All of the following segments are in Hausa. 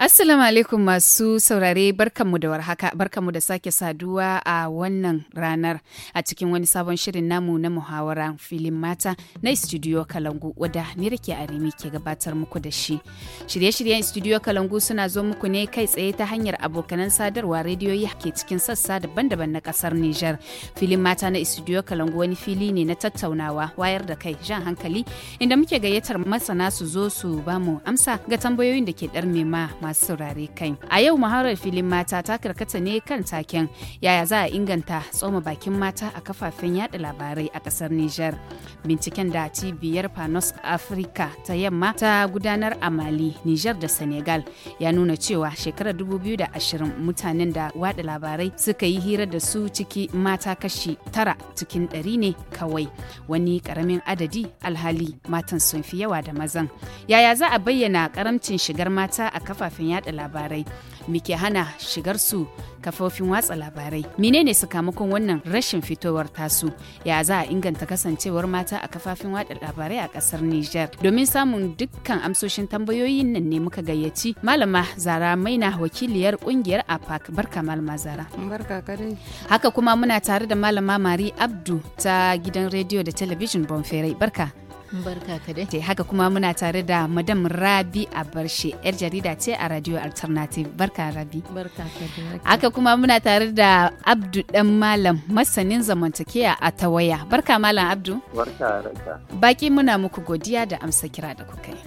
Assalamu alaikum masu saurare barkanmu da warhaka barkanmu da sake saduwa a wannan ranar a cikin wani sabon shirin namu na muhawara filin mata na studio Kalangu wadda ni rike arimi ke gabatar muku da shi. Shirye-shiryen studio Kalangu suna zo muku ne kai tsaye ta hanyar abokanan sadarwa rediyoyi ke cikin sassa daban-daban na kasar Nijar. Filin mata na studio Kalangu wani fili ne na tattaunawa wayar da kai jan hankali inda muke gayyatar masana su zo su bamu amsa ga tambayoyin da ke darme ma masu saurare kai. A yau muharar filin mata ta karkata ne kan taken yaya za a inganta tsoma bakin mata a kafafen yada labarai a kasar Nijar. Binciken da cibiyar Panos Africa ta yamma ta gudanar a Mali, Nijar da Senegal ya nuna cewa shekarar 2020 mutanen da wada labarai suka yi hira da su ciki mata kashi tara cikin ɗari ne kawai wani ƙaramin adadi alhali matan sun fi yawa da mazan. Yaya za a bayyana karamcin shigar mata a kafafen kafafen yada labarai muke hana shigar su kafofin watsa labarai menene sakamakon wannan rashin fitowar tasu ya za a inganta kasancewar mata a kafafin watsa labarai a kasar nijar domin samun dukkan amsoshin tambayoyin nan ne muka gayyaci malama Zara Maina wakiliyar kungiyar APAC barka malama Zara barka kare haka kuma muna tare da malama Mari Abdu ta gidan rediyo da talabijin Bonferai barka Barka ka dai. Eh, haka kuma muna tare da Madam Rabi Abarshe, yar jarida ce a Radio Alternative. Barka Rabi. Barka ka dai. Haka kuma muna tare da Abdu Dan Malam, masanin zamantakewa a Tawaya. Barka Malam Abdu. Barka Rabi. Baki muna muku godiya da amsa kira da kuka yi.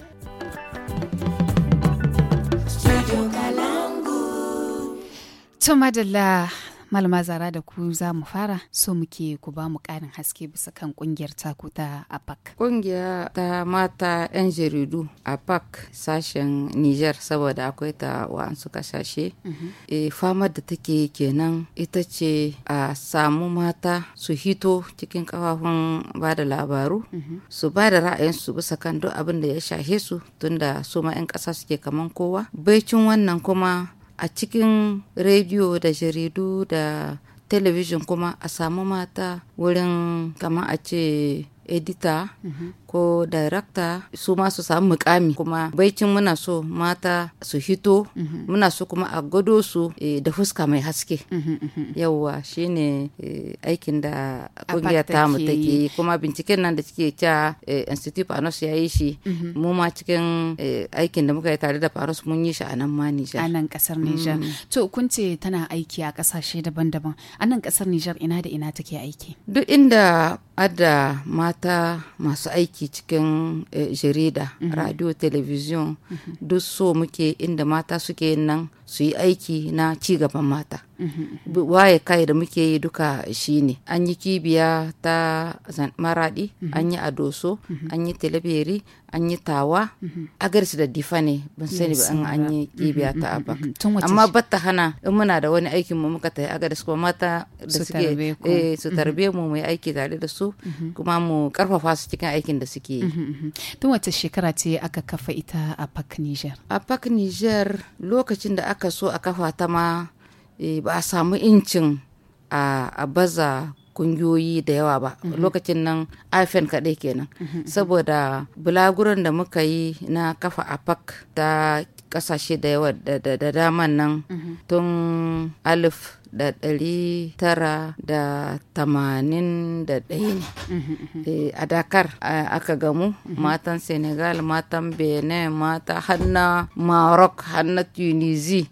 To madalla malama zara da ku za mu fara so muke ku ba mu karin haske bisa kan kungiyar taku ta apac kungiya ta mata 'yan jaridu apac sashen niger saboda akwai ta wa'ansu kasashe mhm. e, famar da take kenan ita ce a samu mata su hito cikin kafafun ba da labaru mhm. su ba da ra'ayinsu bisa kan duk abin da ya shahe su tunda su ma 'yan ƙasa suke kaman kowa baicin wannan kuma a cikin rediyo da jaridu da telebijin kuma a samu mata wurin kama a ce edita mm-hmm. ko darakta su ma su samu mukami kuma baicin muna so mata su hito mhm. muna so kuma a gado su eh, da fuska mai haske mhm, mhm. yauwa yawwa shine eh, aikin da kungiyar tamu take kuma binciken nan da cike ta eh, institute panos ya yi shi mu ma cikin aikin da muka yi tare da panos mun yi shi a nan ma nijar a nan kasar nijar mm. to kun ce tana aiki a kasashe daban-daban a nan kasar nijar ina da ina take aiki duk inda ada mata masu aiki aiki cikin eh, jarida mhm. radio television mhm. duk so muke inda mata suke yin nan su yi aiki na cigaban mata mhm. waye kai da muke yi duka shine an yi kibiya ta maradi an yi adoso an yi talabiri an yi tawa mhm. garisu da difa ne ban sani ba an yi kibiya mhm. ta mhm. abak amma batta hana in muna da wani aikin mu muka tafi garisu kuma mata da suke eh, su tarbe mu mu aiki tare da su kuma mu karfafa su cikin aikin da suke tun wace shekara ce aka kafa ita a pak niger a pak niger lokacin da aka so a kafa ta ma eh, ba a samu incin a baza kungiyoyi da yawa ba mhm. lokacin nan afen kaɗai kenan mhm. saboda bulaguran da muka yi na kafa apak ta ƙasashe da yawa da daman nan mhm. tun alif da ɗari tara da tamanin da ɗaya ne eh, a dakar aka gamu matan senegal matan benin mata hannu maroc hanna tunisia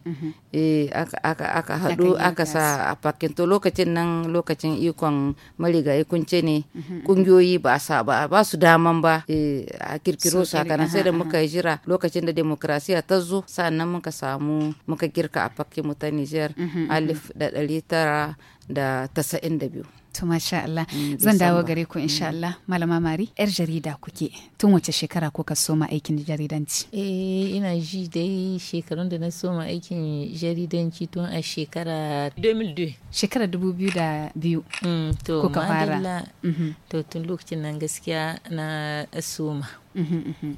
e aka haɗu aka sa a fakin to lokacin nan lokacin ikon marigayi ikunce ne mhm, mhm. kungiyoyi ba sa ba ba su daman ba eh, a kirkiro sakanan sai da muka jira lokacin da demokrasiya ta zo sannan muka samu muka girka a fakin mu ta Niger mhm, alif da da tasa'in da biyu to masha Allah mm, zan dawo gare ku insha mm. Allah malama mari yar jarida kuke tun wace shekara ko ka soma aikin jaridanci eh ina ji dai shekarun da na soma aikin jaridanci tun a shekara 2002 shekara 2002 mm, to kuka fara mm-hmm. to tun lokacin nan gaskiya na soma mm-hmm, mm-hmm.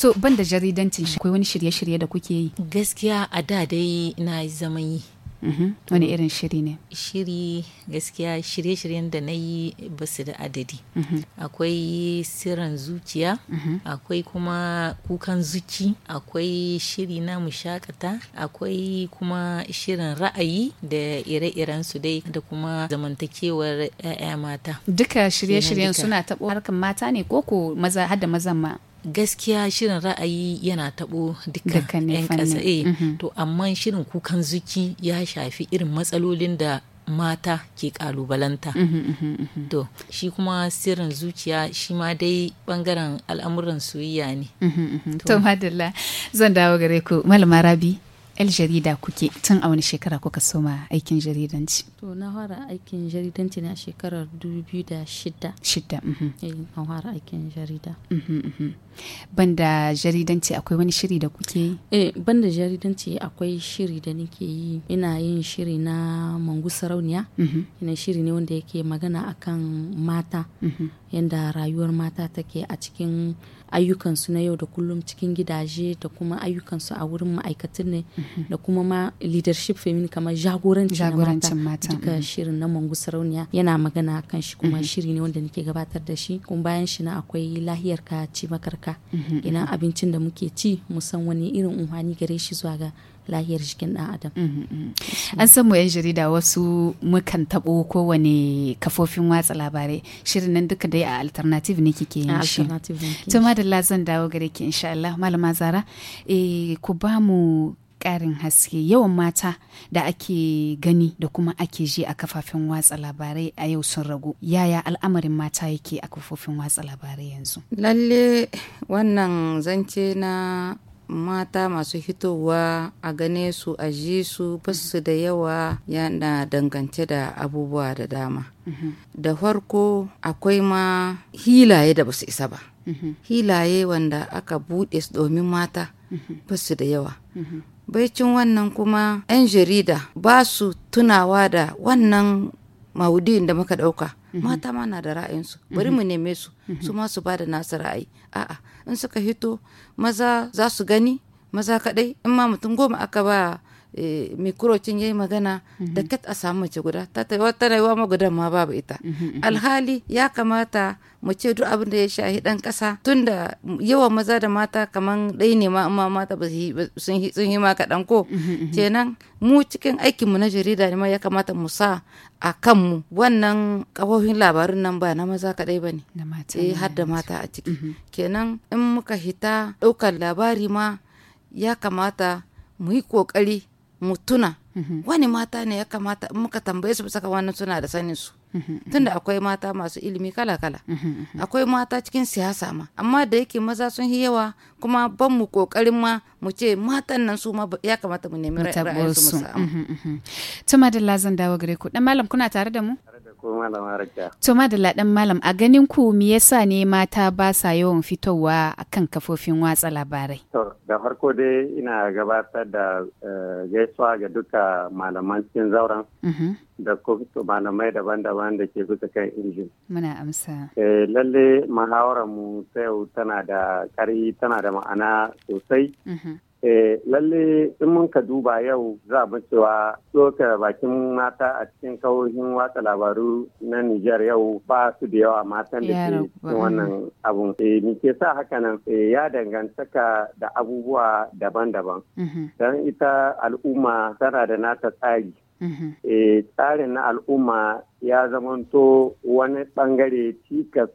to ban da jaridancin akwai wani shirye-shirye da kuke yi gaskiya a da dai na zaman yi Mhm. wani irin shiri ne shiri gaskiya shirye-shiryen da na yi basu da adadi mhm. akwai siran zuciya mhm. akwai kuma kukan zuci. akwai shiri na mushakata akwai kuma shirin ra'ayi da ire-iren su dai da kuma zamantakewar 'ya'ya mata duka shirye-shiryen suna taɓo harkar mata ne koko maza hada mazan ma gaskiya shirin ra'ayi yana taɓo dukkan 'yan ƙasa eh, mm-hmm. to amma shirin kukan zuki ya shafi irin matsalolin da mata ke kalubalanta mm-hmm, mm-hmm, to shi kuma sirrin zuciya shi ma dai bangaren al'amuran soyayya ne to madalla zan dawo gare ku malama rabi El jarida kuke tun a wani shekara kuka soma aikin jaridanci to na fara aikin jaridanci na shekarar 2006 shida mhm. eh, na fara aikin jarida mhm, mhm. banda jaridanci akwai wani shiri da kuke yi eh banda jaridanci akwai shiri da nake yi ina yin shiri na mangu sarauniya ina shiri ne wanda yake magana akan mata yanda rayuwar mata take a cikin ayyukansu na yau da kullum cikin gidaje da kuma ayyukansu a wurin ma'aikatan ne mhm. da kuma ma leadership femin kamar jagorancin mata duka mhm. shirin na mangu sarauniya yana magana kan shi kuma mhm. shiri ne wanda nake gabatar da shi kuma bayan shi na akwai lahiyar ka ci makarka ina abincin da muke ci musan wani irin unhani gare shi zuwa ga lahiyar jikin ɗan adam mm, mm, mm. an samu yan jarida wasu mukan taɓo kowane kafofin watsa labarai shirin nan duka dai a alternative ne kike yin shi to madalla zan dawo gare ki insha Allah malama zara eh ku ba mu karin haske yawan mata da ake gani da kuma ake ji a kafafen watsa labarai a yau sun ragu yaya al'amarin mata yake a kafofin watsa labarai yanzu lalle wannan zance na mata masu hitowa a gane su a ji su basu da yawa yana dangance da abubuwa da dama mhm. da farko akwai ma hilaye da basu isa ba mhm. hilaye wanda aka buɗe su domin mata mhm. basu da yawa baicin wannan kuma 'yan jarida ba su tunawa da wannan maudin da muka ɗauka mata ma na da ra'ayinsu bari mu neme su su ma su ba da nasu ra'ayi a'a in suka hito maza za su gani maza kadai in ma mutum goma aka ba Eh, mikrocin yayi magana mhm. da kat a samu mace guda ta ta yi wa ma babu ita mhm, mhm, alhali ya kamata mu ce duk abin da ya shahi dan kasa da yawan maza da mata kaman dai ne ma amma mata sun yi ma kaɗan ko kenan mu cikin aikinmu na jarida ne ma ya kamata mu sa a kanmu wannan kafofin labarin nan ba na maza kaɗai ba ne eh har da mata a ciki kenan in muka hita ɗaukar labari ma ya kamata mu yi ƙoƙari mutuna mhm. wani mata ne ya kamata in muka tambaye su bisa wannan suna da sanin su mhm, mhm, tunda akwai mata masu ilimi kala kala akwai mata cikin siyasa ma amma da yake maza sun yi yawa kuma ban mu kokarin ma mu ce matan nan su ma ya kamata mu nemi ra'ayin su mu samu tuma da lazan dawo gare ku dan malam kuna tare da mu ko malama rakiya. To malam a ganin ku me yasa ne mata ba sa yawan fitowa akan kafofin watsa labarai? To da farko dai ina gabatar da eh, gaisuwa ga duka malaman cikin zauren. Mhm. Da malamai daban-daban da ke bisa kan injin. Muna amsa. Eh, lalle muhawarar mu ta yau tana da ƙari tana da ma'ana sosai. Mhm. Eh, lalle in mun ka duba yau za mu cewa ɗaukar bakin mata a cikin kawohin watsa labaru na Nijar yau ba su da yawa matan da ke wannan abun. Eh, Ni ke sa haka nan eh, ya dangantaka da abubuwa daban-daban. Mhm. Don ita al'umma tana da nata tsari. Mhm. Eh, tsarin na al'umma ya zamanto wani bangare cikas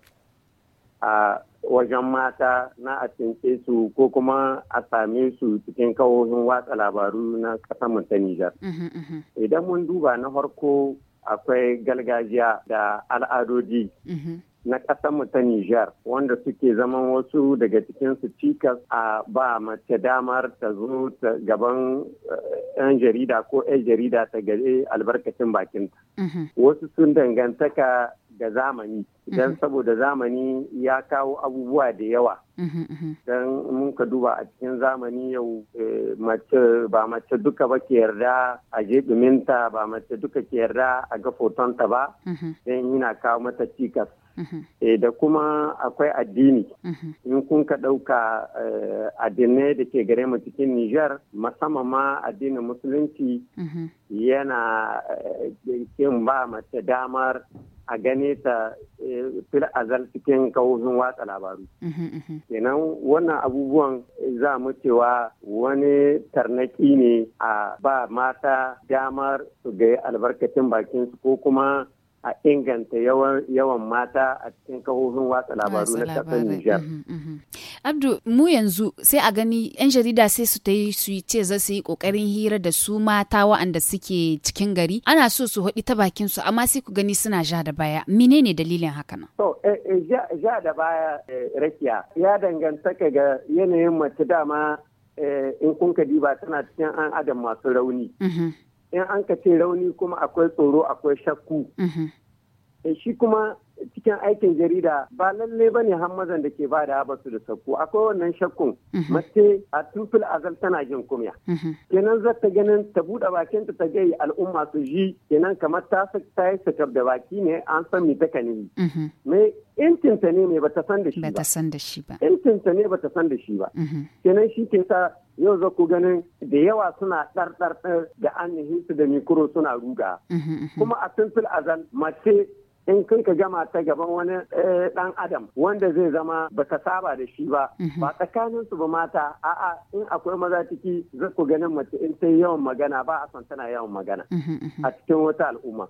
a wajen mata na a cince su ko kuma a same su cikin kawohin watsa labaru na ƙasar ta Nijar. Uhm, uhm. Idan mun duba na farko akwai galgajiya da al'adodi. Uhm. na ƙasar mu ta Nijar wanda suke zaman wasu daga cikinsu cikas a ba mace damar ta zo gaban 'yan eh, jarida ko 'yan jarida ta gare albarkacin bakinta. Mhm. Wasu sun dangantaka da zamani mhm. don saboda zamani ya kawo abubuwa da yawa mhm, don mun ka duba a cikin zamani yau eh, mace ba mace duka ba ke yarda a je ba mace duka ke yarda a ga fotonta ba don yana kawo mata cikas Eh, da kuma akwai addini mhm. in kun ka ɗauka eh, addinai da ke gare mu cikin Nijar musamman ma addinin musulunci mhm. yana eh, kin ba mace damar a gane ta fil azal cikin kawofin watsa labaru. Mhm, Kenan wannan abubuwan za mu cewa wani tarnaki ne a ba mata damar su ga albarkacin bakinsu ko kuma a inganta yawan mata a cikin kafofin watsa labaru na kasar Nijar. Mhm, mhm. Abdu, mu yanzu sai a gani 'yan jarida sai su ta yi su ce za su yi kokarin hira da su mata wa'anda suke cikin gari. Ana so su haɗi ta bakin su amma sai ku gani suna ja da baya. Menene dalilin haka nan? To, eh, eh, ja da baya eh, rakiya ya danganta ga yanayin mace dama in kun ka diba tana cikin an adam masu rauni. Mhm. in an ka ce rauni kuma akwai tsoro akwai shakku mm-hmm. e, shi kuma cikin aikin jarida ba lalle ba ne hammazan da ke bada ba su da sakku akwai wannan shakkun mm-hmm. mace a tufil azal tana jin kumya mm-hmm. kenan za ta ganin ta buɗe bakin ta gai al'umma su ji kenan kamar ta yi sakar da baki ne an san mi taka ne me intinta ne ne bata san da ba bata san da shi ba intinta ne bata san da shi ba kenan shi ke sa yau za ku ganin da yawa suna ɗarɗarɗar da an su da mikro suna ruga mhm, mhm. kuma a simple azal mace in kai ka gama ta gaban wani dan eh, adam wanda zai zama baka saba da shi ba mhm. ba tsakanin su ba mata a'a in akwai maza ciki za ku ganin mace in ta yawan magana ba a son tana yawan magana mhm, mhm. a cikin wata al'umma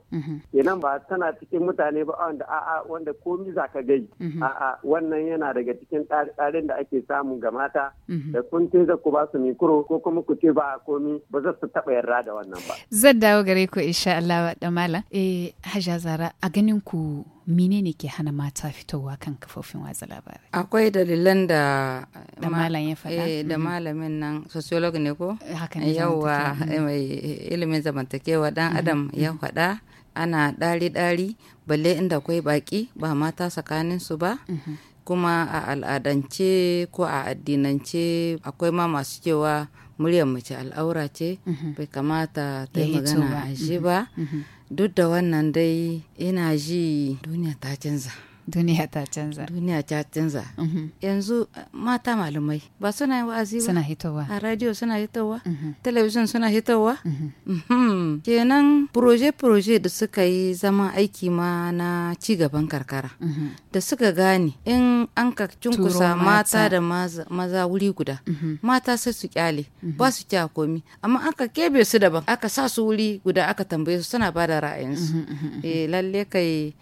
idan ba tana cikin mutane ba wanda a'a wanda komi za ka gai a'a wannan yana daga cikin tsarin da ake samu ga mata da kun ce za ku ba su mikro ko kuma ku ce ba a komi ba za su taba yarda da wannan ba zan dawo gare ku insha Allah wa eh Hajja Zara a ganin ku menene ke hana mata fitowa kan kafofin watsa labarai akwai dalilan da da malam faɗa eh, da mhm. malamin nan sociolog ne ko yawa mhm. eh, mai ilimin zamantakewa dan mhm. adam ya faɗa ana ɗari-ɗari balle inda akwai baƙi ba mata tsakanin su ba kuma a al'adance ko a addinance akwai ma masu cewa muryar mace al'aura ce bai kamata ta yi magana a shi ba duk da wannan dai ina ji duniya ta canza duniya ta canza duniya ta canza mhm. yanzu eh, mata malamai ba suna yi wa'azi ba suna hitowa a radio suna hitowa mhm. television suna hitowa mhm. kenan proje-proje da suka yi zama aiki ma na cigaban karkara da suka gane in an ka cunkusa mata da maza wuri guda mata sai su kyale ba su kya komi amma an ka kebe su daban aka sa su wuri guda aka tambaye su suna ba da ra'ayinsu eh, lalle kai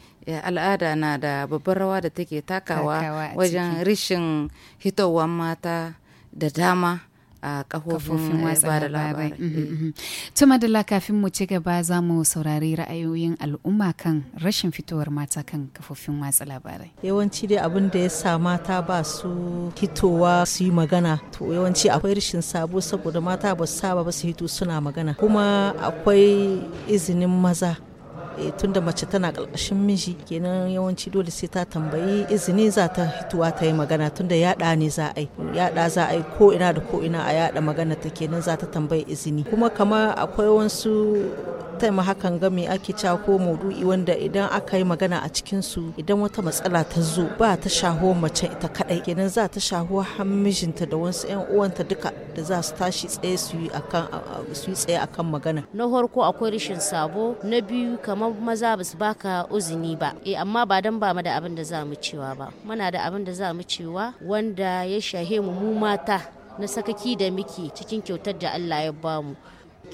al'ada na da babbar rawa da take takawa wajen rishin hitowar mata da dama a kafofin watsa labarai. Mm-hmm, eh. mm-hmm. Tuma da kafin mu ci gaba za mu saurari ra'ayoyin al'umma kan rashin fitowar mata kan kafofin watsa labarai. Yawanci dai abin da ya sa mata ba su hitowa su yi magana to yawanci akwai rashin sabo saboda mata ba su saba ba su hito suna magana kuma akwai izinin maza Eh, tunda mace tana ƙarƙashin miji kenan yawanci dole sai ta tambayi izini za ta hituwa ta yi magana tunda yaɗa ne za a yi yaɗa za a yi ko ina da ko ina a yaɗa magana ta kenan za ta tambayi izini kuma kamar akwai wasu taimaka hakan ga me ake cewa ko maudu'i wanda idan aka yi magana a cikin su idan wata matsala ta zo ba ta shaho mace ita kadai kenan za ta shaho har mijinta da wasu yan uwanta duka da za su tashi tsaye su yi akan su yi tsaye akan magana na farko akwai rashin sabo na biyu kamar kamar maza ba su baka uzini ba eh amma ba dan ba mu da abin da za mu cewa ba muna da abin da za mu cewa wanda ya shahe mu mu mata na sakaki da muke cikin kyautar da Allah ya bamu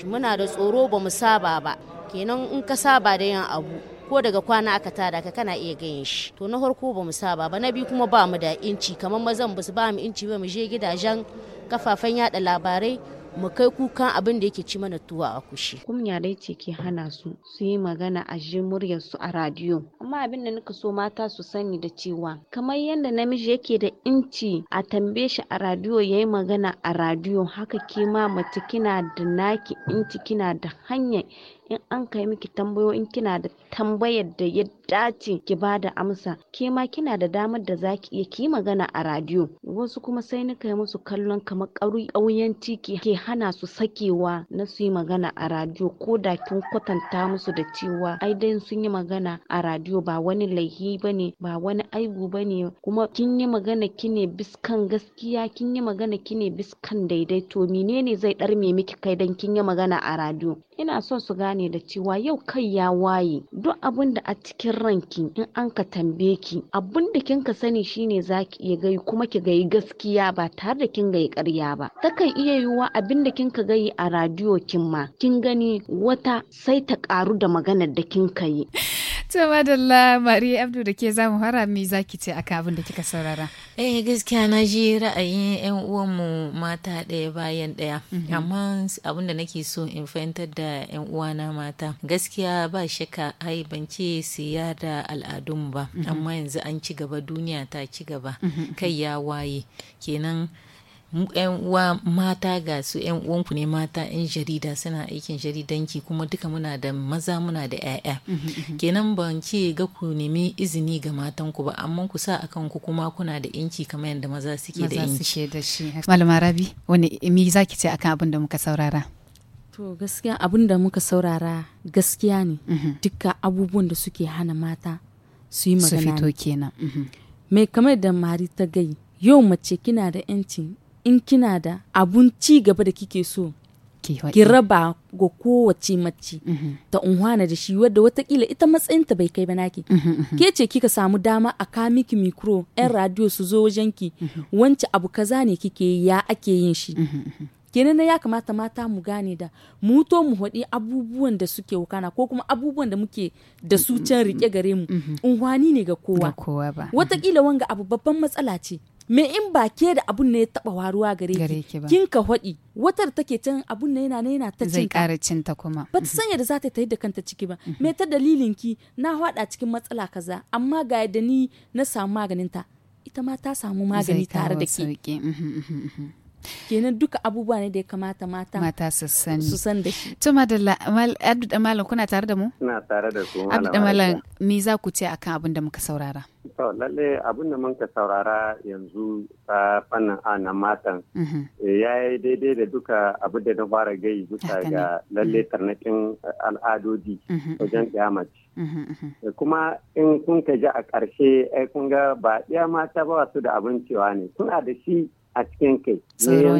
muna da tsoro ba mu saba ba kenan in ka saba da yin abu ko daga kwana aka tada ka kana iya ganin shi to na farko ba mu saba ba na biyu kuma ba mu da inci kamar mazan ba su ba mu inci ba mu je gidajen kafafen yada labarai mu kai kuka abin da yake ci mana tuwa a kushi. Kumya dai ce ke hana su su yi magana a je muryar su a radiyo. Amma abin da nika so mata su sani da cewa kamar yadda namiji yake da inci a tambaye shi a radiyo yayi magana a radiyo haka ke ma mace kina da naki inci kina da hanyar in an kai miki tambayoyin kina da tambayar da ya dace ki ba da amsa ke ma kina da damar da za ki iya ki magana a radio wasu kuma sai ni kai musu kallon kamar ƙauyanci ke hana su sakewa na su yi magana a radio ko da kin kwatanta musu da cewa ai dai sun yi magana a radio ba wani laihi ba ne ba wani aibu ba ne kuma kin yi magana kine biskan gaskiya kin yi magana kine biskan daidaito menene zai ɗarme miki kai dan kin yi magana a radio ina so su gane ne da cewa yau kai ya waye duk abin da a cikin ranki in an ka tambaye ki abin da kin ka sani shine zaki iya gai kuma ki gai gaskiya ba tare da kin gai karya ba takan iya yiwuwa abin da kin ka gai a radiyo kin ma kin gani wata sai ta ƙaru da maganar da kin ka yi to madalla mari abdu da ke zamu fara mi zaki ce aka abin da kika saurara eh gaskiya na ji ra'ayin yan uwanmu mata ɗaya bayan ɗaya mhm. amma abin da nake so in fahimtar da yan uwana mata gaskiya ba shaka ai ban ce siya da al'adun ba mhm. amma yanzu an ci gaba duniya ta ci gaba mhm. kai ya waye kenan 'yan uwa mata ga su 'yan uwanku ne mata 'yan jarida suna aikin jaridanki kuma duka muna da maza muna da 'ya'ya mhm, mhm, mhm. kenan ban ke ga ku nemi izini ga matanku ba amma ku sa akan ku kuma kuna da yanki kamar yadda maza suke da yanki da shi malama rabi wani me zaki ce akan abin da muka saurara to gaskiya abin da muka saurara gaskiya ne duka abubuwan da suke hana mata su yi magana su fito kenan me kamar da mari ta gai yau mace kina da 'yancin in kina da abun ci gaba da kike so ki raba ga kowace mace mhm. ta unhwana da shi wadda watakila ita matsayinta bai kai ba naki mhm, mhm, ke ce kika samu dama a ka miki mikro yan radio su zo wajen ki wance abu kaza ne kike ya ake yin shi kenan ya kamata mata mu gane da mu to mu haɗi abubuwan da suke wakana ko kuma abubuwan da muke da su can rike gare mu unhwani ne ga kowa watakila wanga abu babban matsala ce me in ba ke da abun ne ya taba waruwa gare ki kin ka hwadi watar take can abun ne yana yana ta cin ka zai ta kuma ba ta mhm. sanya da za ta yi da kanta ciki ba mhm. me ta dalilin ki na hwada cikin matsala kaza amma ga yadda ni na samu maganin ta ita ma ta samu magani tare da ke kenan duka abubuwa ne da ya kamata mata mata su sani su san da shi to madalla abdu da malam kuna tare da mu ina tare da su abdu da malam me za ku ce akan abin da muka saurara to lalle abin da muka saurara yanzu ta fannin ana matan mhm. ya yi daidai da duka abu da na fara gai bisa ga lalle mhm. tarnakin al'adodi mhm, wajen kyamaci kuma in kun ka ji a ƙarshe ai kun ga ba ɗaya mata ba su da abin cewa ne suna da shi a cikin kai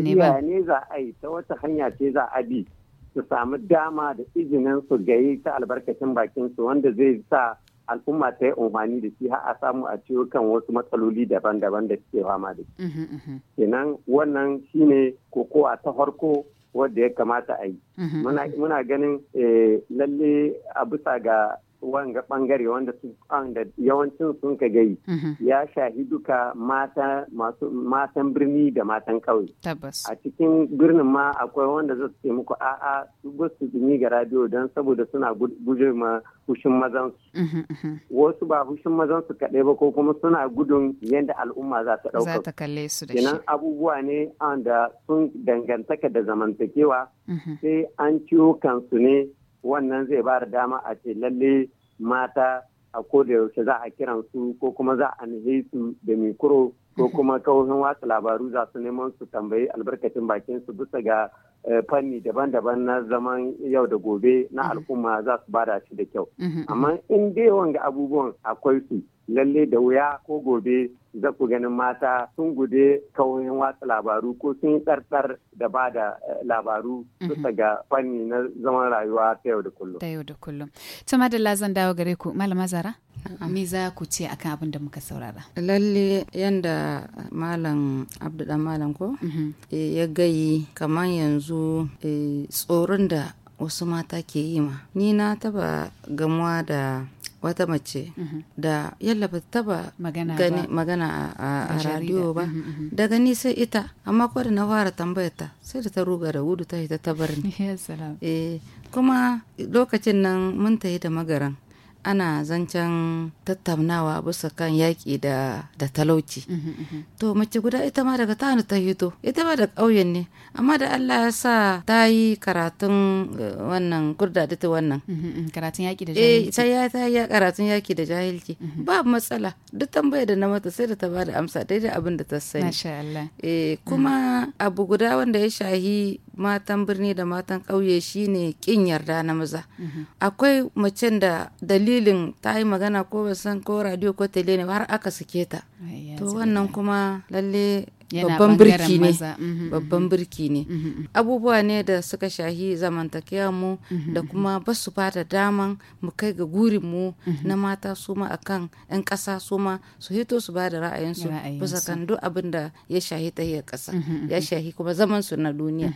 ne ba ne za a yi ta wata hanya ce za a bi su samu dama da izinin su gayi ta albarkacin bakin su wanda zai sa al'umma ta yi umarni da shi har a samu a ciwo kan wasu matsaloli daban-daban da suke fama da shi. Mhm, mhm. Kenan wannan shine kokowa ta farko wadda ya kamata a yi. Mhm, muna ganin eh, lalle a bisa ga wanga bangare wanda su yawancin sun ka gai mhm. ya shahi duka mata masu matan birni da matan kauye A cikin birnin ma akwai wanda za su ce a a'a su su dumi ga radio don saboda suna guje ma hushin mazan su. Mhm, mhm. Wasu ba hushin mazan su kaɗai ba ko kuma suna gudun yadda al'umma za ta dauka Za abubuwa ne da sun dangantaka da zamantakewa sai an ciwo kansu ne wannan zai ba da dama a ce lalle mata a koda yaushe za a kiran su ko kuma za a su da mikro ko kuma kawohin watsa labaru za su neman su tambayi albarkacin bakin su bisa ga eh, fanni daban-daban na zaman yau da gobe na mm-hmm. al'umma za su bada shi da kyau mm-hmm. amma in dai wanga abubuwan akwai su lalle da wuya ko gobe za ku ganin mata sun gude kauyen watsa labaru ko sun yi tsartsar da ba da eh, labaru mhm. bisa ga fanni na zaman rayuwa ta yau da kullum. Ta yau da kullum. Tuma da lazan dawo gare ku malama zara? Me za ku ce akan abin da muka saurara? Lalle yanda malam Abdullahi malam ko? Mhm. Eh, ya gayi kamar yanzu eh, tsoron da wasu mata ke yi ma. Ni na taba gamuwa da wata mace mhm. da yalla ba taba magana a radio ba mhm, mhm, daga ni sai ita amma kuwa da na fara tambayar ta sai da ta ruga da wudu ta ta bar ni eh, kuma lokacin nan mun tafi da magaran ana zancen tattaunawa bisa kan yaƙi da da talauci mhm, mhm. to mace guda ita ma daga tanu ta hito ita ma da ƙauyen ne amma da Allah ya sa ta yi karatun eh, wannan kurda ta wannan mhm, karatun yaƙi da eh, jahilci eh sai ya ta yi karatun yaƙi da jahilci ba matsala duk tambaya da na mata sai da ta bada amsa daidai abin da ta sani masha Allah eh kuma abu guda wanda ya shahi matan birni da matan ƙauye shine ƙin yarda na maza akwai macen da dalilin dalilin ta yi magana ko ba san ko radio ko tele ne har aka sake ta to wannan kuma lalle mm-hmm, mm-hmm. babban birki ne babban birki ne abubuwa ne da suka shahi zamantakewa mu mm-hmm, da kuma ba su fata daman mu kai ga gurin mu na mata su ma akan yan ƙasa su ma su hito su ba da ra'ayinsu bisa kan duk abin da ya shahi tahiyar kasa ya shahi kuma zaman su na duniya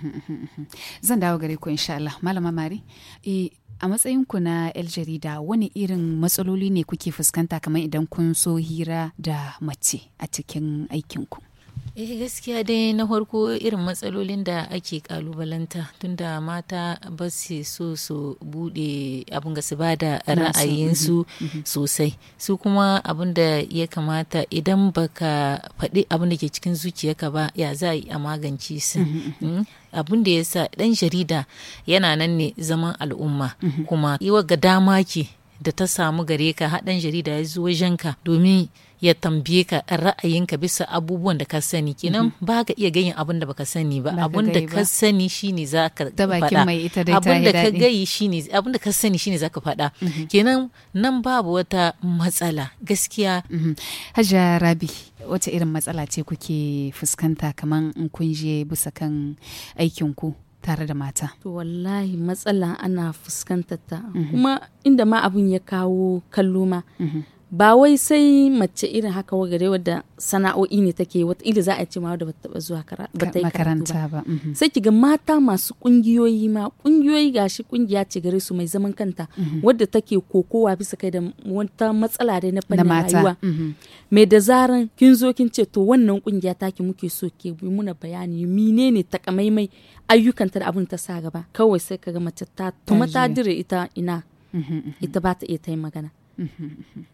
zan dawo gare ku insha Allah malama mari eh, a matsayinku na 'yar jarida wani irin matsaloli ne kuke fuskanta kamar idan kun so hira da mace a cikin aikinku? eh gaskiya dai na farko irin matsalolin da ake kalubalanta tunda mata ba su so su bude abin ga su ba da mhm, ra'ayinsu mhm. sosai su kuma abin da ya kamata idan baka faɗi abin da ke cikin zuciyarka ba ya za a magance su mhm, hmm? abin da ya sa ɗan jarida yana nan ne zaman al'umma kuma iwa ga dama ke da ta samu gare ka haɗan jarida ya zo wajenka domin ya tambaye ka ra'ayinka bisa abubuwan da ka sani kenan mhm. ba ka iya gayin abin da baka sani ba abin da ka sani shine za ka faɗa abin da ka gayi shine abin da ka sani shine za ka faɗa mhm. kenan nan babu wata matsala gaskiya mhm. hajja rabi wata irin matsala ce kuke fuskanta kamar in kun je bisa kan aikin ku tare da mata. To wallahi matsala ana fuskantar ta. Kuma inda ma abun ya kawo kalluma. ba wai sai mace irin haka wa wadda sana'o'i ne take wata ila za a ce ma da bata taba zuwa makaranta ba mhm. sai ki ga mata masu kungiyoyi ma kungiyoyi gashi kungiya ce gare su mai zaman kanta mhm. wadda take kokowa bisa kai da wata matsala dai na fannin rayuwa mai mhm. da zaran kin zo kin ce to wannan kungiya take muke so ke bi muna bayani menene takamaimai ayyukanta da abin ta sa gaba kawai sai kaga mace ta tuma ta dire ita ina ita ba ta iya ta magana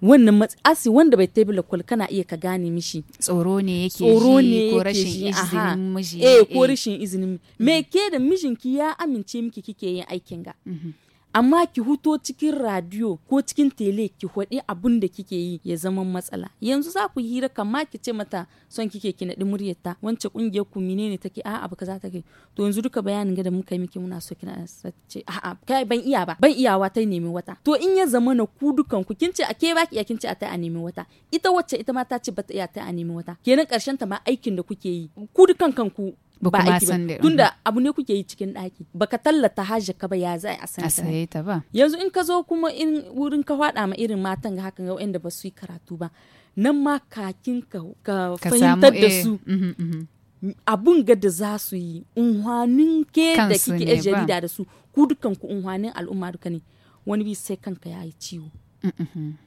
wannan matsasi wanda bai tabi lakwal kana iya ka gane mishi tsoro ne yake tsoro ko rashin izinin miji eh ko eh. rashin izinin me ke da mijinki ya amince miki kike yin aikin ga mhm. amma ki huto cikin radiyo ko cikin tele ki hwaɗi abun da kike yi ya zama matsala yanzu za ku hira kamma ki ce mata son kike ki naɗi muryarta wancan ƙungiyar ku menene take a'a abu kaza take to yanzu duka bayanin ga da muka yi miki muna so kina ce a'a kai ban iya ba ban iyawa ta nemi wata to in ya zama na ku dukan ku kin ce a ke baki iya kin ce a ta a nemi wata ita wacce ita ma ta ce ta iya ta a nemi wata kenan karshen ta ma aikin da kuke yi ku dukan kanku ba aiki ba mhm. tunda abu ne kuke yi cikin ɗaki baka tallata haja ka ba ya za a san ta ba yanzu in ka zo kuma in wurin ka faɗa ma irin matan ga hakan yau inda ba su yi karatu ba nan ma kakin ka fahimtar da eh. su mhm, mhm. abun ga da za su yi unhwanin ke da kike jarida da su ku dukan ku unhwanin al'umma duka ne wani bi sai kanka ya yi ciwo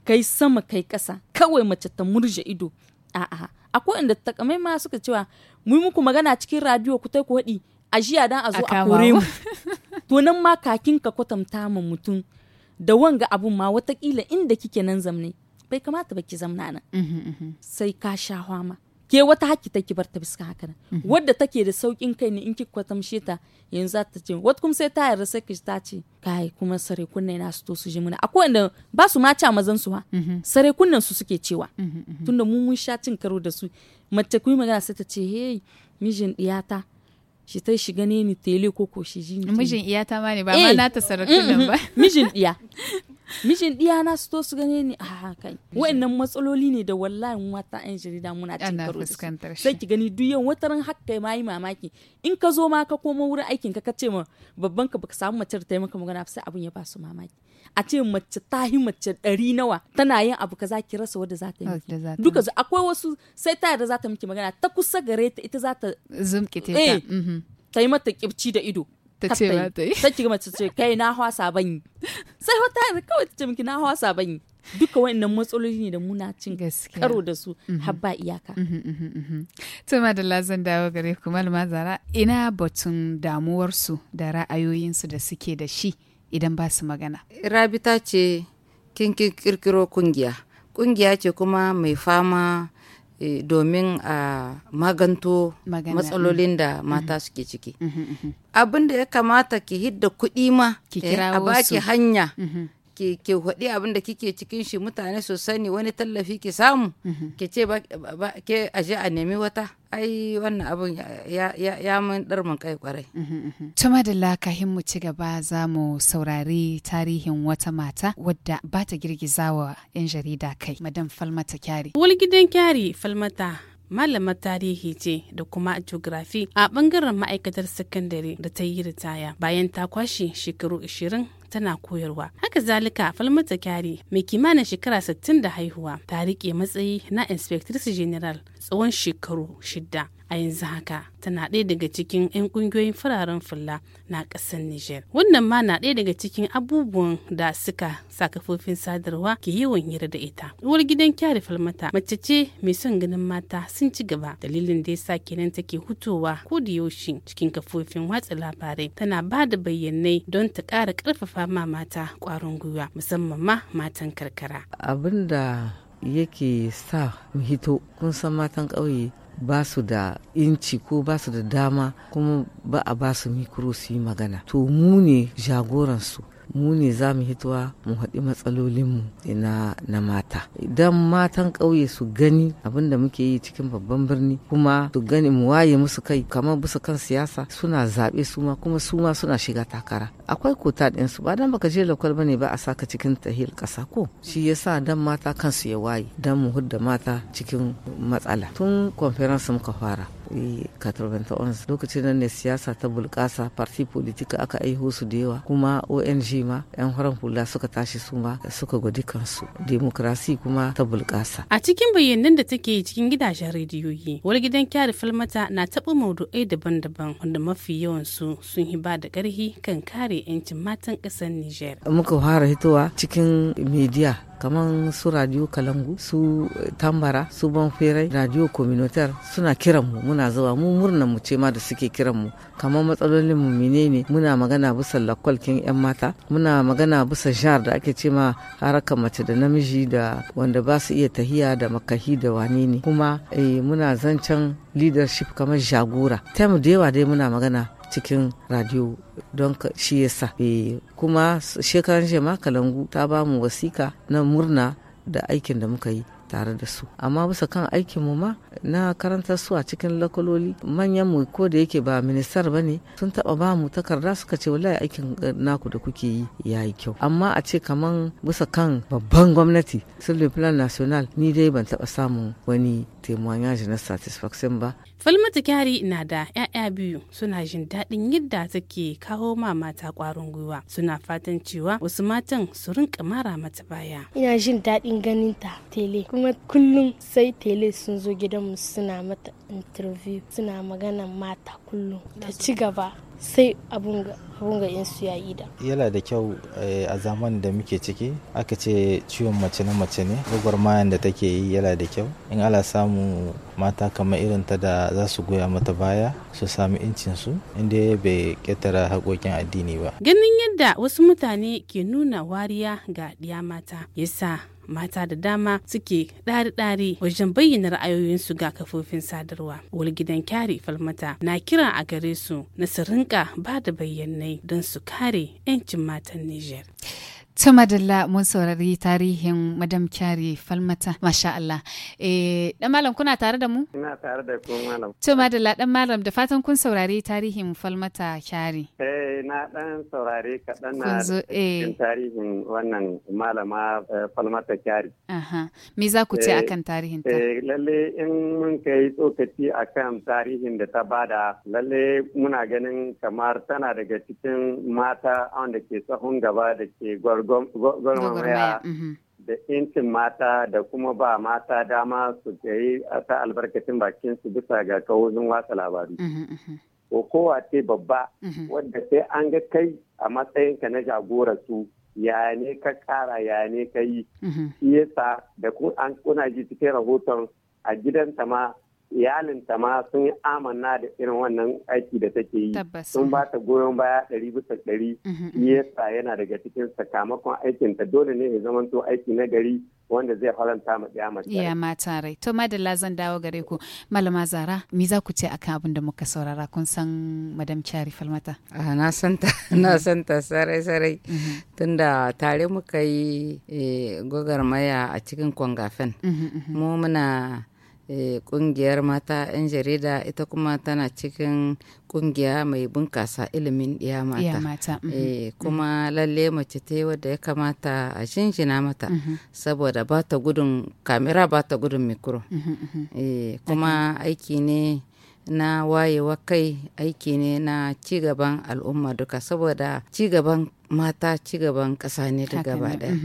kai sama kai ƙasa kawai mace ta murje ido a'a akwai inda ma suka cewa mu muku magana cikin radio ku tai ku haɗi a jiya dan a zo a kore mu to nan ma kakin ka kwatanta ma mutum da wanga abun ma watakila inda kike nan zamne bai kamata ba ki zamna nan mhm, mhm. sai ka sha hwama ke wata haƙƙi take bar ta bisa haka nan mhm. wadda take da saukin kai ne in ki kwatamshe ta yanzu za ta ce wat kuma sai ta yarda sai ta ce kai kuma sare kunne yana su to su ji muna akwai wanda ba su a mazan su ba mhm. sare kunnan su suke cewa mhm, tunda mu mun sha cin karo da su mace kuma magana sai ta ce hey mijin diyata shi ta shi gane ni tele ko ko shi ji mijin iyata ma ne ba ma eh. na ta sarakunan mm, ba mm, mm. mijin diya mijin ɗiya na su to su gane ni a ah, kai wayannan matsaloli ne da wallahi wata yan jarida muna cin karo sai ki gani duk yau wataran hakka ma yi mamaki in ka zo ma ka koma wurin aikin ka ka ce ma babban ka baka samu mace ta yi maka magana sai abun ya ba su mamaki a ce mace ta yi mace ɗari nawa tana yin abu ka ki rasa wadda za ta yi duka akwai wasu sai ta da za ta miki magana ta kusa gare ta ita za ta zumkite ta eh, mm-hmm. ta yi mata kibci da ido ta ce ma ta yi ta ci gama ce kai na hwasa ban sai wata kawai ta ce miki na hwasa ban yi duka wa'annan matsaloli ne da muna cin karo da su habba iyaka. To madalla zan dawo gare ku malama zara ina batun damuwarsu da ra'ayoyinsu da suke da shi idan ba su magana. Rabita ce kin kirkiro kungiya. Kungiya ce kuma mai fama Eh, domin a maganto matsalolin mm. da mm-hmm. mata suke ciki mm-hmm, mm-hmm. abin da ya kamata ki hidda kuɗi ma eh, a baki hanya ke ke hudi abin da kike cikin shi mutane su sani wani tallafi ki samu mhm. ke ce ba ke aje a nemi wata ai wannan abin ya mun mun kai kwarai mhm, mhm. tuma da lakahin mu ci gaba za mu saurari tarihin wata mata wadda ba ta girgizawa yan jarida kai madam falmata kyari wani gidan kyari falmata malamar tarihi ce da kuma geography a bangaren ma'aikatar sakandare da ta yi ritaya bayan ta kwashe shekaru 20 tana koyarwa haka zalika falmata kyari mai kimanin shekara 60 da haihuwa ta rike matsayi na inspectrice general tsawon shekaru shida a yanzu haka tana ɗaya daga cikin 'yan ƙungiyoyin fararen fulla na ƙasar Nijar. Wannan ma na ɗaya daga cikin abubuwan da suka sa kafofin sadarwa ke yawan hira da ita. Uwar gidan kyari falmata mace ce mai son ganin mata sun ci gaba dalilin da sa kenan take hutowa ko da yaushe cikin kafofin watsa labarai tana ba da bayyanai don ta ƙara ƙarfafa ma mata ƙwarin gwiwa musamman ma matan karkara. abinda yake sa mu hito kun san matan ƙauye ba su da inci ko ba su da dama kuma ba a ba su mikro su yi magana to mu ne jagoransu mu ne za mu hituwa mu haɗi matsalolinmu ina na mata idan matan ƙauye su gani abin da muke yi cikin babban birni kuma su gani mu waye musu kai kamar bisa kan siyasa suna zaɓe su ma kuma su ma suna shiga takara akwai kota ɗinsu ba dan baka je lakwal bane ba a saka cikin tahil ƙasa ko shi yasa dan mata kansu ya waye dan mu hudda mata cikin matsala tun conference muka fara 91 lokacin nan ne siyasa ta bulkasa farti politika aka aiho su da yawa kuma ong ma yan horon hula suka tashi su ma suka gwadi kansu demokrasi kuma ta bulkasa a cikin bayyanan da take cikin gidajen rediyoyi wani gidan kyari falmata na taɓa maudu'ai daban-daban wanda mafi yawan su sun hi ba da ƙarfi kan kare 'yancin matan ƙasar niger muka fara hitowa cikin media kamar su radio kalangu su tambara su banferai radio communautaire suna kiran mu muna zuwa mu murnan mu ce ma da suke kiran mu kamar matsalolin mu menene muna magana bisa lakwalkin yan mata muna magana bisa jar da ake ce ma harkar mace da namiji da wanda ba su iya tahiya da makahi da wane ne kuma eh, muna zancen leadership kamar jagora tem da yawa dai muna magana cikin radio don shi yasa e, kuma shekaran jama kalangu ta ba mu wasika na murna da aikin da muka yi tare da su amma bisa kan aikin mu ma na karanta su a cikin lakololi manyan mu ko da yake ba ministar ba ne sun taba ba mu takarda suka ce wallahi aikin e, naku da kuke yi ya yi kyau amma a ce kaman bisa kan babban gwamnati sun plan national ni dai ban taba samun wani témoignage na satisfaction ba falmata kyari na da 'ya'ya biyu suna jin daɗin yadda take kawo ma mata ƙwarin gwiwa suna fatan cewa wasu matan su rinka mara mata baya ina jin daɗin ganin ta tele kuma kullum sai tele sun zo gidanmu suna mata interview suna magana mata kullum ta ci gaba sai abun ga su ya da. yana da kyau eh, a zaman da muke ciki aka ce ciwon mace na mace ne mayan da take yi yana da kyau in ala samu mata kamar irin ta da za su goya mata baya su sami incin su inda bai ketara haƙoƙin addini ba ganin yadda wasu mutane ke nuna wariya ga ɗiya mata yasa mata da dama suke ɗari-ɗari wajen bayyana ra'ayoyinsu ga kafofin sadarwa. Walgidan kyari falmata na kira a gare su na su rinka ba da bayyanai don su kare 'yancin matan Nijar. ta madalla mun saurari tarihin madam kyari falmata masha Allah eh dan malam kuna tare da mu ina tare da ku malam to madalla dan malam da fatan kun saurari tarihin falmata kyari eh na dan saurari kaɗan na eh. tarihin wannan malama eh, falmata kyari aha me za ku ce eh, akan tarihin ta eh lalle in mun kai tsokaci akan tarihin da ta bada lalle muna ganin kamar tana daga cikin mata wanda ke tsahon gaba da ke gwargwaro gwagwarmaya mhm. da yancin mata da kuma ba mata dama su yi ta albarkacin bakin su bisa ga kawozin watsa labaru. Mhm, mhm. kowa ce babba wadda sai an ga kai a matsayinka na jagora su ya ne ka kara ya ne ka yi. Shi yasa da kuna ji cikin rahoton a gidan ta ma iyalinta ma sun yi amana da irin wannan aiki da take yi sun ba ta goyon baya ɗari bisa ɗari mm-hmm, mm-hmm. yasa yana daga cikin sakamakon aikinta dole ne ya to aiki na gari wanda zai faranta ma ɗaya mace. ya mata rai. To madalla zan dawo gare ku. Malama Zara, me za ku ce akan abin da muka saurara kun san Madam Chari Falmata? Ah, na san ta, na san ta sarai sarai. Mm-hmm. Tunda tare muka yi eh, gogarmaya a cikin kwangafen. Mu muna kungiyar eh, mata 'yan jarida ita kuma tana cikin kungiya mai bunkasa ilimin ɗiya mata mm-hmm. Eh, mm-hmm. kuma lalle mace ta yi wadda ya kamata a shinshina mata mm-hmm. saboda ba ta gudun kamera ba ta gudun mikro eh, kuma aiki ne na wayewa kai aiki ne na cigaban al'umma duka saboda cigaban mata cigaban ƙasa ne daga gaba ɗaya.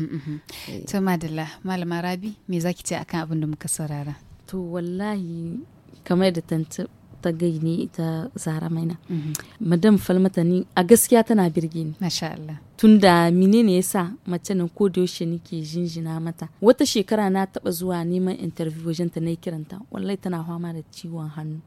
Malama Rabi, me zaki ce akan abin da muka saurara? to wallahi kamar da tanta ta gai ne ita zara maina mhm. madam falmata ni a gaskiya tana birge ni masha mine tunda menene yasa mace nan ko da yaushe nake jinjina mata wata shekara na taba zuwa neman interview wajen ta nayi kiranta wallahi tana fama da ciwon hannu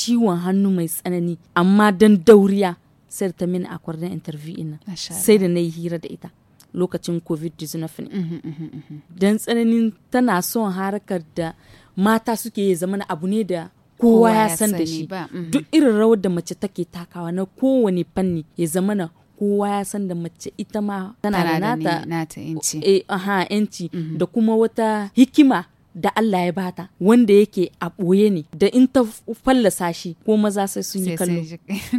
ciwon hannu mai tsanani amma dan dauriya sai ta mini akwardan interview ina sai da nayi hira da ita lokacin covid-19 mhm, mhm, dan tsananin tana son harkar da mata suke yi zamana abu ne da kowa ya san da shi mm-hmm. duk irin rawar da mace take takawa na kowane fanni ya zama na kowa ya san da mace ita ma tana da nata yanci eh, mm-hmm. da kuma wata hikima da Allah ya bata wanda yake a ɓoye ne da in ta fallasa shi ko maza sai sun yi kallo.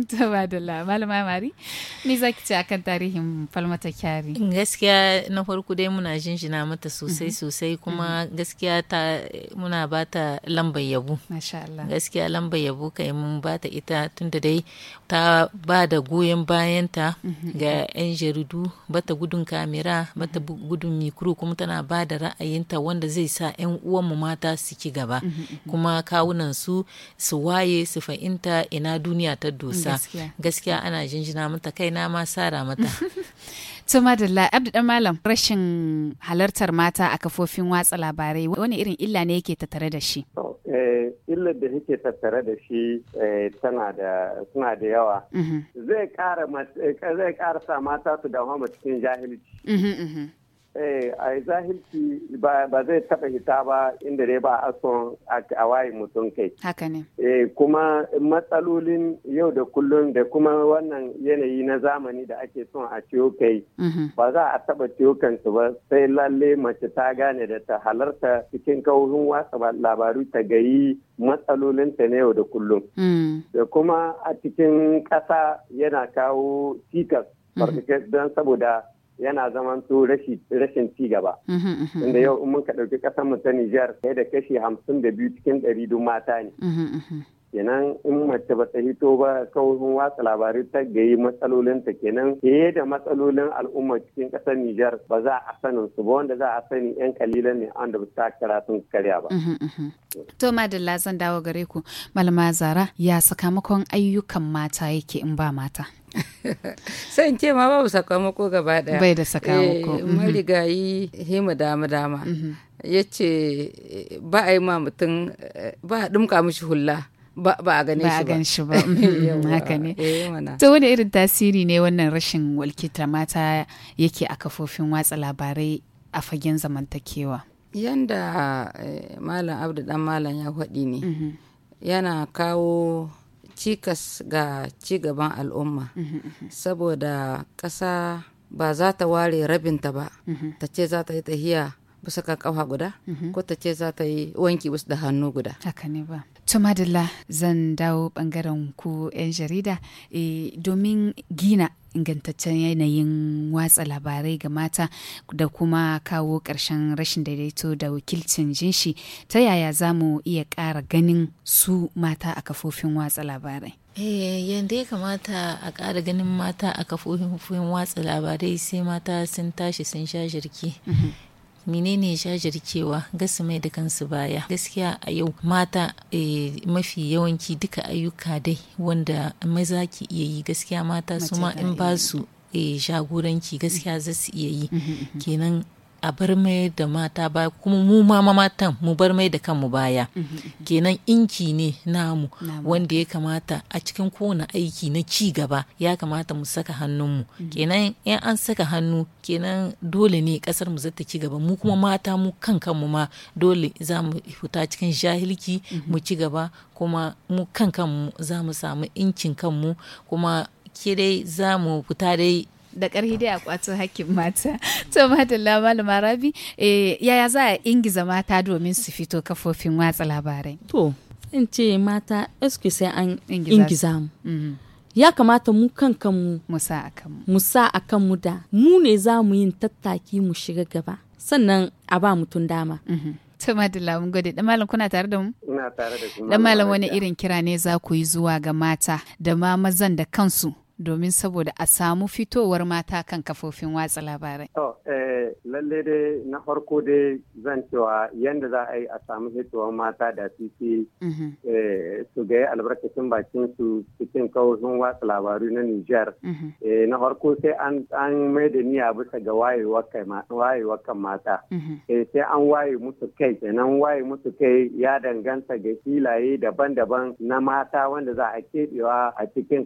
Ta ba da la malama mari me za ki ce akan tarihin falmata kyari. Gaskiya na farko dai muna jinjina mata sosai mhm. sosai kuma mhm. gaskiya ta muna bata lambar yabo. Masha Allah. Gaskiya lambar yabo kai mun bata ita tunda dai ta ba da goyon bayanta mhm. ga 'yan jaridu bata gudun kamera bata gudun mikro kuma tana ba da ra'ayinta wanda zai sa 'yan uwanmu mata su ki gaba mhm, mhm. kuma kawunan su su waye su fahimta ina duniya ta dosa gaskiya ana jinjina mata kaina ma sara mata to madalla abdu dan malam rashin halartar mata a kafofin watsa labarai wani irin illa ne yake tattare da shi eh, illar da yake tattare da shi eh, tana da suna da yawa mhm. eh, zai kara sa mata su dawo cikin jahilci Eh, a yi zahilci ba zai taɓa hita ba inda dai ba a son a waye mutum kai. Haka ne. Eh, kuma matsalolin yau da kullum da kuma wannan yanayi na zamani da ake son a ciyo kai mhm. ba za a taɓa ciyo kansu ba sai lalle mace ta gane da ta halarta cikin kawurin watsa labaru ta gayi ta na yau da kullum. Mm. Da kuma a cikin ƙasa yana kawo cikas mhm. don saboda yana zaman to rashin ci gaba. Inda mhm, mhm, mhm. yau in ka ɗauki ƙasar mu ta Nijar sai da kashi hamsin da biyu cikin ɗari duk mata ne. kenan in mace ba ta hito ba kawai watsa labarai ta gayi ta kenan fiye da matsalolin al'umma cikin ƙasar Nijar ba za a sanin su ba wanda za a sani yan kalilan ne an da ba ta kira sun karya ba. To madalla zan dawo gare ku malama Zara ya sakamakon ayyukan mata yake in ba mata. sai ce ma babu sakamako gaba daya bai da sakamako eh, marigayi hima dama dama ya ce ba a yi ma mutum eh, ba a dumka mishi hula ba a gane shi ba. Ba a shi ba. Haka ne. Eh, to wani irin tasiri ne wannan rashin ta mata yake a kafofin watsa labarai a fagen zamantakewa? Yanda eh, Malam Abdu dan Malam ya faɗi ne. Mm-hmm. Yana kawo cikas ga cigaban al'umma. Mm-hmm, mm-hmm. Saboda ƙasa ba za ta ware rabinta ba. Ta ce za ta yi tahiya bisa ka kafa guda ko ta ce za ta yi wanki bisa da hannu guda. Haka ne ba. To zan dawo bangaren ku 'yan jarida e, domin gina ingantaccen yanayin watsa labarai ga mata da kuma kawo ƙarshen rashin daidaito da wakilcin jinshi ta yaya za mu iya ƙara ganin su mata a kafofin watsa labarai eh, yadda ya kamata a ƙara ganin mata a kafofin watsa labarai sai mata sun tashi sun sha jirki mhm. menene jajircewa gasu mai da kansu baya gaskiya a yau mata eh, mafi yawanci duka ayyuka dai wanda maza ki iya yi gaskiya mata su ma in ba su eh, jagoranci gaskiya za su iya yi mm-hmm, mm-hmm. kenan a bar mai da mata baya kuma mu ma matan mu bar mai da kanmu baya mm-hmm, mm-hmm. kenan inki ne namu wanda ya kamata a cikin kowane aiki na ci gaba ya kamata mu saka hannunmu mm-hmm. kenan in an saka hannu kenan dole ne kasar mu zata ci gaba mu kuma mata mu kan kanmu ma dole za mu fita cikin jahilki mu ci gaba kuma mu kan kanmu za mu samu incin kanmu kuma ke dai za mu fita dai da ƙarfi dai a kwato hakkin mata to madalla malama rabi eh, yaya za a ingiza mata domin su fito kafofin watsa labarai to in ce mata eski sai an ingiza mu mm-hmm. ya kamata mu kan kanmu musa a kanmu da mu ne za mu yin tattaki mu shiga gaba sannan a ba mutum dama mm-hmm. to madalla mun gode dan malam kuna tare da mu ina tare da kuma dan malam wani irin kira ne za ku yi zuwa ga mata da ma mazan da kansu domin saboda a samu fitowar mata kan kafofin watsa labarai? To, eh, lalle dai na farko dai zan cewa yadda za a yi a samu fitowar mata da fifi mhm. eh, su ga albarkacin bakin su cikin kawo watsa labaru na Nijar. Mhm. Eh, na farko sai an mai da niya bisa ga wayewar kan mata. Mhm. Sai an waye musu kai, kenan waye musu kai ya danganta ga filaye daban-daban na mata wanda za a keɓewa a cikin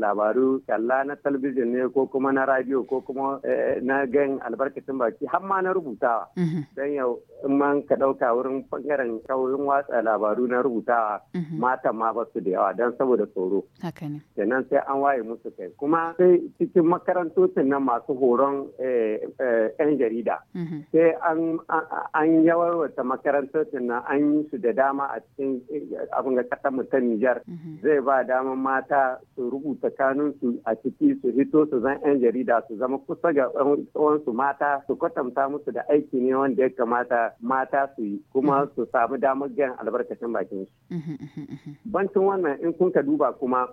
labaru kalla na talabijin ne ko kuma na radio ko kuma eh, na gan albarkacin baki har ma na rubutawa mm-hmm. don yau in man ka dauka wurin bangaren kaurin watsa labaru na rubutawa mm-hmm. mata ma ba su da yawa don saboda tsoro kenan sai an waye musu kai kuma sai cikin makarantocin nan masu horon yan eh, eh, jarida mm-hmm. sai an yawarwata makarantocin nan an yi su da dama a cikin abin ga kasar mu ta Nijar zai ba daman mata su rubuta tsakanin su a ciki su hito su zan 'yan jarida su zama kusa ga su mata su kwatanta musu da aiki ne wanda ya kamata mata su yi kuma mhm. su samu damar gan albarkacin bakin su. Bancin wannan in kun ka duba kuma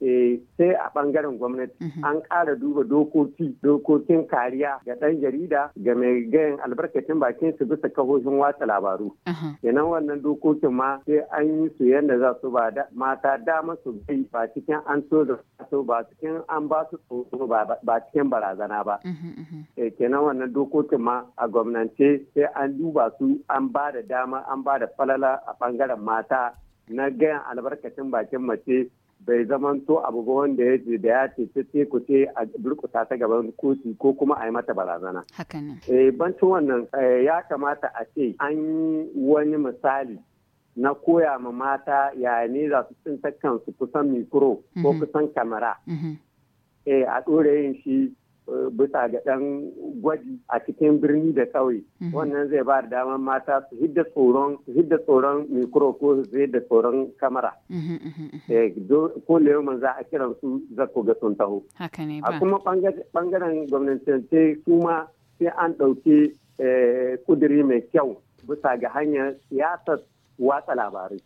Eh, sai a bangaren gwamnati mhm. an kara duba dokoki dokokin kariya ga ɗan jarida ga mai gayan albarkacin bakin su bisa kahohin watsa labaru kenan wannan dokokin ma sai an yi su yadda za su ba mata dama su bai ba cikin an so da so ba cikin an ba su tsoro ba cikin barazana ba mhm, mhm. Eh, kenan wannan dokokin ma a gwamnance sai an duba su an ba da dama an ba da falala a bangaren mata na gayan albarkacin bakin mace bai zamanto abu ba wanda ya ce da ya ce ce ku ce a burkuta ta gaban kotu ko kuma a yi mata barazana. Hakanan. Eh bancin wannan eh, ya kamata a ce an yi wani misali na koya ma mata yaya ne za su tsinta kansu kusan mikro ko mhm. kusan kamara. Mhm. Eh a ɗora yin shi bisa ga ɗan gwaji a cikin birni da ƙauye mhm. wannan zai ba da damar mata su hidda tsoron su hidda tsoron mikro ko su hidda tsoron kamara mhm, mhm, eh, ko leoman za a kiran su zakko ga sun taho a kuma bangaren gwamnatance ce kuma sai an ɗauki kuduri eh, mai kyau bisa ga hanyar siyasar watsa labarai.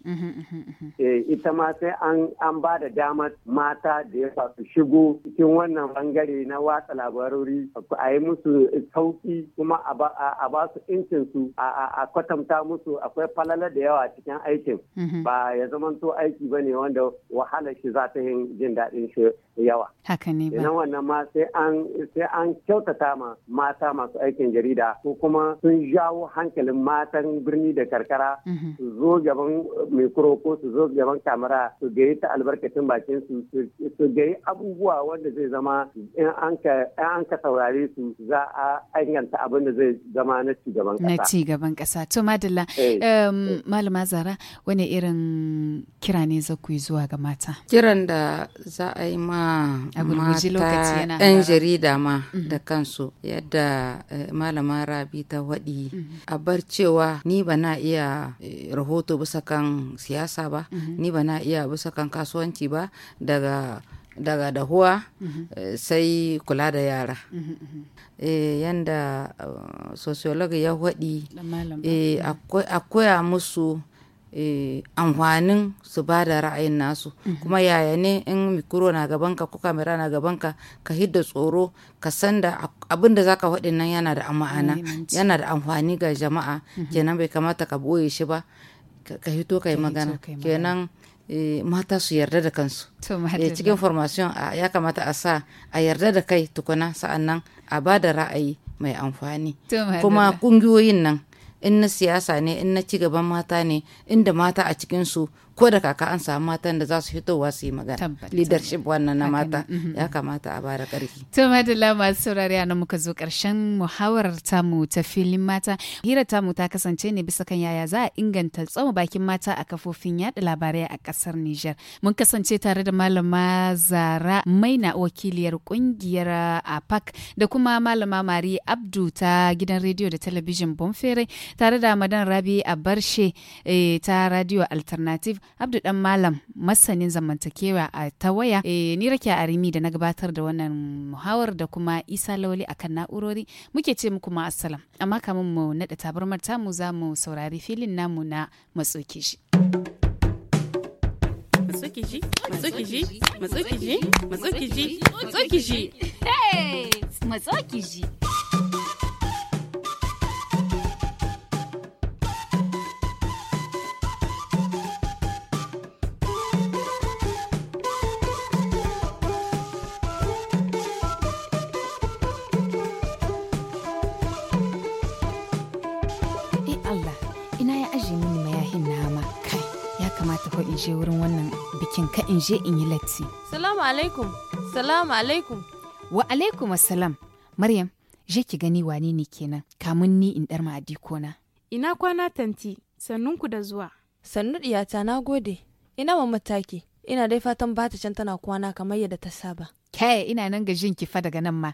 Eh, ita ma sai an ba da damar mata da ya su shigo cikin wannan bangare na watsa labarori a yi musu sauki kuma a ba su su a kwatanta musu akwai falala da yawa cikin aikin ba ya zamanto aiki ba ne wanda wahala shi za ta yin jin daɗin shi yawa. Haka ne ba. Idan wannan ma sai an kyautata ma mata masu aikin jarida ko kuma sun jawo hankalin matan birni da karkara zo gaban mikro ko su zo gaban kamera su gari ta albarkacin bakin su su gari abubuwa wanda zai zama in an ka saurare su za a inganta abin da zai zama na cigaban kasa. Na cigaban kasa. To madalla eh, eh. malama zara wani irin kira ne za ku yi zuwa ga mata? Kiran da za a yi ma mata 'yan jarida ma mhm. da kansu yadda eh, malama rabi ta waɗi mhm. a bar cewa ni ba na iya rahoto rahoto bisa kan siyasa ba mhm. ni bana iya bisa kan kasuwanci ba daga daga dahuwa mhm. eh, sai kula da yara mhm, eh, yanda eh, sosiologi ya waɗi a koya musu amfanin su ba da ra'ayin nasu kuma yaya ne in mikro na gabanka ko kamera na gabanka ka hidda tsoro ka san da abin da zaka faɗin nan yana da ma'ana yana da amfani ga jama'a kenan bai kamata ka boye shi ba ka hito kai magana kenan eh, mata su yarda da kansu eh, cikin formation ah, ya kamata a sa a ah, yarda da kai tukuna sa'annan a ah, ba da ra'ayi mai amfani kuma ƙungiyoyin nan in na siyasa ne in na ci gaban mata ne inda mata a cikinsu ko da kaka an samu matan da za su fitowa su yi magana leadership wannan na mata mm-hmm. ya kamata a bada karfi to madalla masu saurari nan muka zo karshen muhawarar tamu ta filin mata hira tamu ta kasance ne bisa kan yaya za a inganta tsoma bakin mata a kafofin yada labarai a kasar Niger mun kasance tare da malama Zara Maina wakiliyar kungiyar APAC da kuma malama Mari Abdu ta gidan rediyo da talabijin Bonfere tare da Madan Rabi a barshe eh, ta radio Alternative Abdu Dan Malam masanin zamantakewa a ta waya e, ni rake Arimi da na gabatar da wannan muhawar da kuma Isa Lawali akan na'urori muke ce muku ma assalam amma kamun mu naɗa tabarmar tamu za mu saurari filin namu na matsoki shi. shi shi shi Hey! shi in je in yi latti. Salamu alaikum, salamu alaikum. Wa alaikum assalam, Maryam, je ki gani wane ne kenan kamun ni in ɗarma a na. Ina kwana tanti, sannunku da zuwa. Sannu ɗiyata na gode, ina wa mataki, ina dai fatan ba ta can tana kwana kamar yadda ta saba. Kaya ina nan ga jin kifa daga nan ma.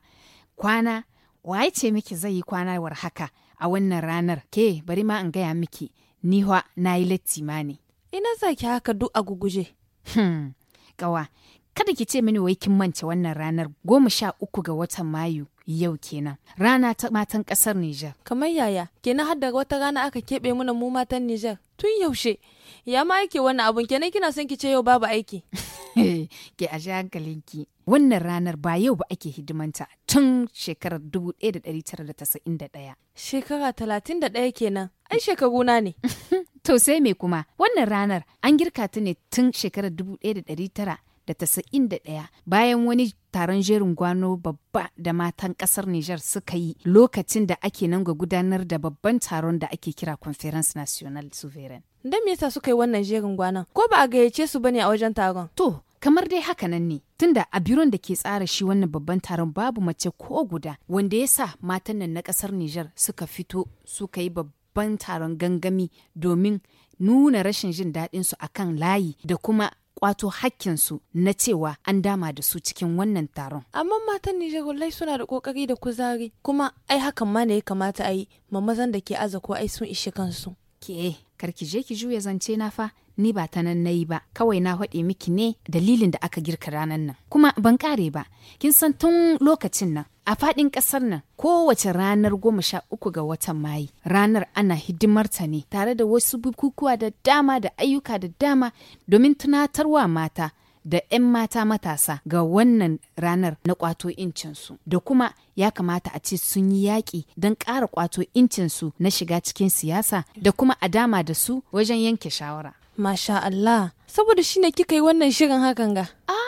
Kwana, waye ce miki zai yi kwana war haka a wannan ranar ke bari ma in gaya miki, ni na yi latti ma ne. Ina zaki haka duk a guguje, Hmm, gawa, kada ki ce mini wai kin mance wannan ranar goma sha uku ga watan Mayu yau kenan. Rana ta matan kasar Nijar. Kamar yaya, kenan har da wata rana aka keɓe muna mu matan Nijar tun yaushe. Ya ma aiki wannan abun kenan kina son ki ce yau babu aiki. ke a hankalinki. Wannan ranar ba yau ba ake hidimanta tun shekarar 1991. Shekara 31 kenan. Ai shekaruna ne. To sai me kuma wannan ranar an girka ta ne tun shekarar 1991 bayan wani taron jerin gwano babba da matan kasar Nijar suka yi lokacin da ake nan ga gudanar da babban taron da ake kira Conference National Sovereign. Don me yasa suka yi wannan jerin gwanan? Ko ba a gayyace su bane a wajen taron? To, kamar dai haka nan ne. Tunda a biron da ke tsara shi wannan babban taron babu mace ko guda wanda ya sa matan nan na kasar Nijar suka fito suka yi babban taron gangami domin nuna rashin jin daɗin su akan layi da kuma kwato hakkinsu na cewa an dama da su cikin wannan taron. Amma matan Nijar wallahi suna da kokari da kuzari kuma ai hakan ma ne ya kamata a yi mamazan da ke aza ko ai sun ishe kansu. Ke karki je ki juya zance na fa ni ba ta nan na yi ba kawai na haɗe miki ne dalilin da aka girka ranar nan kuma ban kare ba kin san tun lokacin nan a faɗin ƙasar nan kowace ranar goma sha uku ga watan mayu ranar ana hidimar ta ne tare da wasu bukukuwa da dama da ayyuka da dama domin tunatarwa mata da 'yan mata matasa ga wannan ranar na kwato incinsu da kuma ya kamata a ce sun yi yaƙi don ƙara kwato incinsu na shiga cikin siyasa da kuma a dama da su wajen yanke shawara. Masha Allah, saboda shi ne kika yi wannan shirin hakan ga. Ah,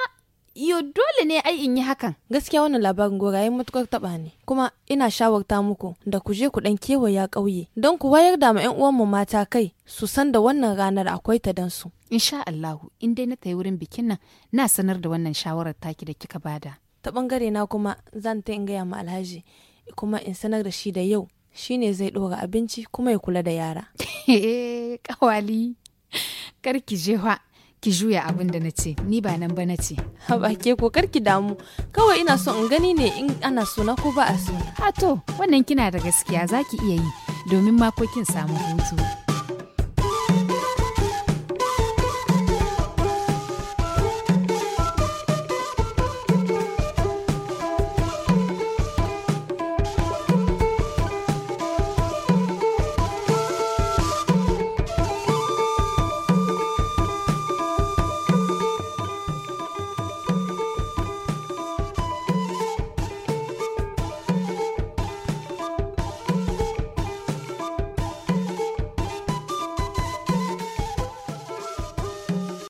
Iyo dole ne ai in yi hakan. Gaskiya wannan labarin ya matukar taba ne. Kuma ina shawarta muku da ku je ku dan kewaya ƙauye don ku wayar da ma 'yan mu mata kai su san da wannan ranar akwai ta dan su. Insha Allahu in dai na tayi wurin bikin nan na sanar da wannan shawarar taki da kika bada. Ta bangare na kuma zan ta in gaya ma Alhaji kuma in sanar da shi da yau shine zai ɗora abinci kuma ya kula da yara. Eh kawali kar ki je ki juya abin da na ce ni ba nan ba na ce haba ke ko ki damu kawai ina so in gani ne in ana suna ko ba a so a to wannan kina da gaskiya zaki iya yi domin makokin samu hutu